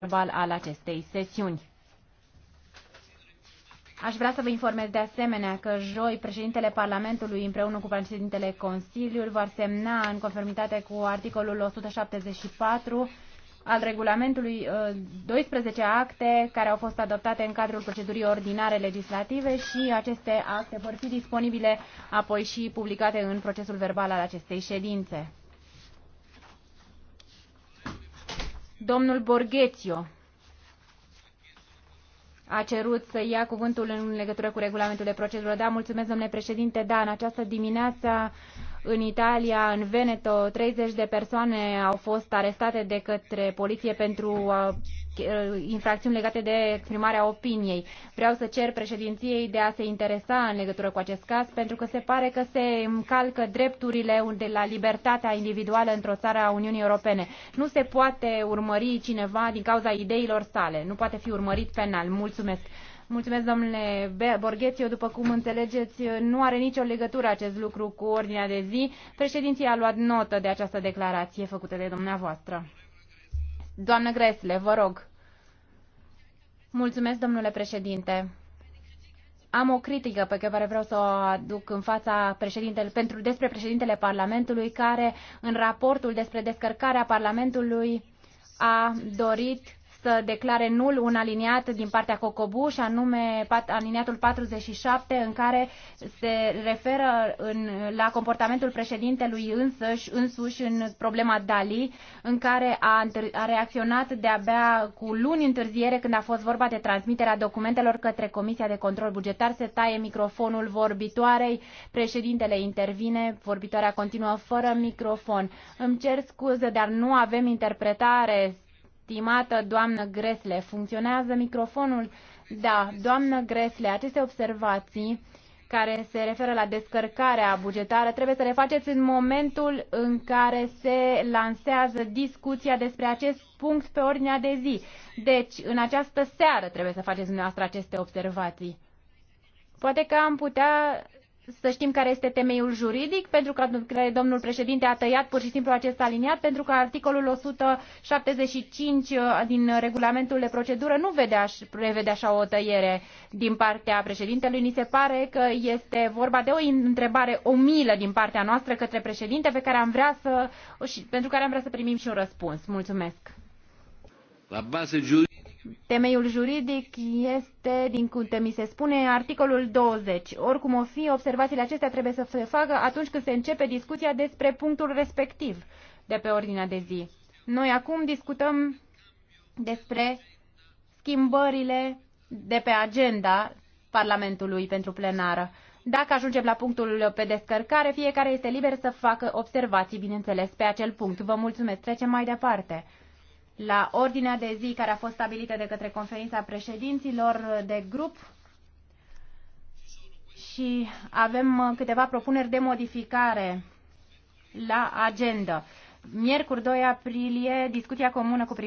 verbal al acestei sesiuni. Aș vrea să vă informez de asemenea că joi președintele Parlamentului împreună cu președintele Consiliului vor semna în conformitate cu articolul 174 al regulamentului 12 uh, acte care au fost adoptate în cadrul procedurii ordinare legislative și aceste acte vor fi disponibile apoi și publicate în procesul verbal al acestei ședințe. domnul borghezio a cerut să ia cuvântul în legătură cu regulamentul de procedură. Da, mulțumesc, domnule președinte. Da, în această dimineață în Italia, în Veneto, 30 de persoane au fost arestate de către poliție pentru uh, uh, infracțiuni legate de exprimarea opiniei. Vreau să cer președinției de a se interesa în legătură cu acest caz, pentru că se pare că se încalcă drepturile de la libertatea individuală într-o țară a Uniunii Europene. Nu se poate urmări cineva din cauza ideilor sale. Nu poate fi urmărit penal. Mulțumesc Mulțumesc. Mulțumesc, domnule Borghețiu. După cum înțelegeți, nu are nicio legătură acest lucru cu ordinea de zi. Președinția a luat notă de această declarație făcută de dumneavoastră. Doamnă Gresle, vă rog. Mulțumesc, domnule președinte. Am o critică pe care vreau să o aduc în fața președintele, pentru despre președintele Parlamentului, care în raportul despre descărcarea Parlamentului a dorit să declare nul un aliniat din partea Cocobu și anume aliniatul 47 în care se referă în, la comportamentul președintelui însăși, însuși în problema Dali în care a, a reacționat de-abia cu luni întârziere când a fost vorba de transmiterea documentelor către Comisia de Control Bugetar. Se taie microfonul vorbitoarei, președintele intervine, vorbitoarea continuă fără microfon. Îmi cer scuze, dar nu avem interpretare Stimată doamnă Gresle, funcționează microfonul? Da, doamnă Gresle, aceste observații care se referă la descărcarea bugetară trebuie să le faceți în momentul în care se lansează discuția despre acest punct pe ordinea de zi. Deci, în această seară trebuie să faceți dumneavoastră aceste observații. Poate că am putea să știm care este temeiul juridic, pentru că domnul președinte a tăiat pur și simplu acest aliniat, pentru că articolul 175 uh, din regulamentul de procedură nu vede aș, prevede așa o tăiere din partea președintelui. Ni se pare că este vorba de o întrebare omilă din partea noastră către președinte pe care am vrea să, pentru care am vrea să primim și un răspuns. Mulțumesc. La juridică temeiul juridic este, din câte mi se spune, articolul 20. Oricum o fi, observațiile acestea trebuie să se facă atunci când se începe discuția despre punctul respectiv de pe ordinea de zi. Noi acum discutăm despre schimbările de pe agenda Parlamentului pentru plenară. Dacă ajungem la punctul pe descărcare, fiecare este liber să facă observații, bineînțeles, pe acel punct. Vă mulțumesc. Trecem mai departe la ordinea de zi care a fost stabilită de către conferința președinților de grup și avem uh, câteva propuneri de modificare la agenda. Miercuri 2 aprilie, discuția comună cu